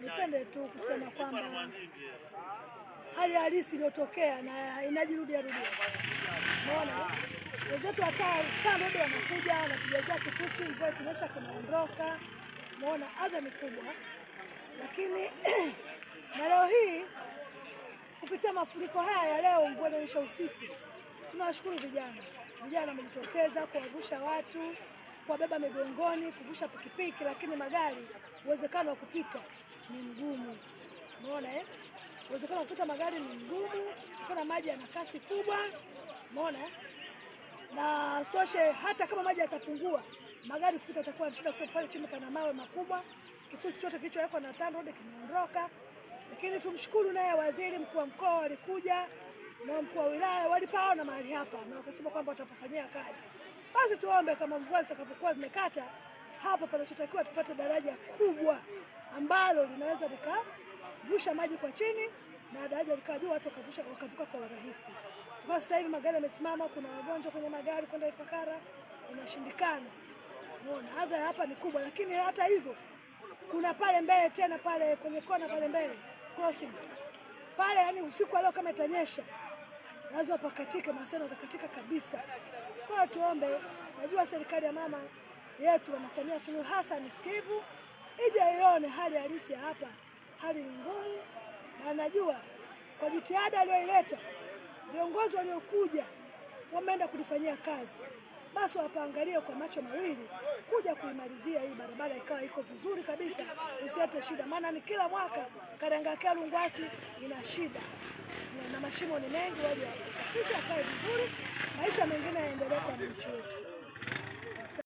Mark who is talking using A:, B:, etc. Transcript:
A: nipende tu kusema kwamba hali halisi iliyotokea na inajirudia rudia. Unaona, wenzetu hatadodo wanakuja wanatujazia kifusi, mvua ikinyesha kunaondoka Unaona, adha ni kubwa, lakini na leo hii kupitia mafuriko haya ya leo, mvua inaonyesha usiku, tunawashukuru vijana. Vijana wamejitokeza kuwavusha watu kuwabeba migongoni, kuvusha pikipiki, lakini magari uwezekano wa kupita ni mgumu. Umeona eh? Uwezekano wa kupita magari ni mgumu kuna maji yana kasi kubwa. Umeona eh? Na stoshe hata kama maji yatapungua, magari kupita yatakuwa na shida kwa sababu pale chini pana mawe makubwa. Kifusi chote kilichowekwa na TANROADS kimeondoka. Lakini tumshukuru naye waziri mkuu wa mkoa alikuja na mkuu wa wilaya walipaona mahali hapa na wakasema kwamba watapofanyia kazi. Basi tuombe kama mvua zitakapokuwa zimekata hapa, panachotakiwa tupate daraja kubwa ambalo linaweza likavusha maji kwa chini na daraja likawa juu, watu wakavuka, wakavuka kwa urahisi. Kwa sasa hivi magari yamesimama, kuna wagonjwa kwenye magari kwenda Ifakara inashindikana. Unaona, adha hapa ni kubwa, lakini hata hivyo kuna pale mbele tena pale kwenye kona pale mbele crossing pale, yani usiku leo kama itanyesha lazima pakatika, mahusiano yatakatika kabisa. Kwa tuombe, najua serikali ya mama yetu Mama Samia Suluhu Hassan sikivu, ije ione hali halisi ya hapa. Hali ni ngumu, na najua kwa jitihada aliyoileta viongozi waliokuja wameenda kulifanyia kazi basi wapaangalie kwa macho mawili kuja kuimalizia hii barabara ikawa iko vizuri kabisa, isiate shida. Maana ni kila mwaka Karangakia Lungwasi ina shida na mashimo ni mengi, waje wasafisha akae vizuri, maisha mengine yaendelee kwa mchi wetu.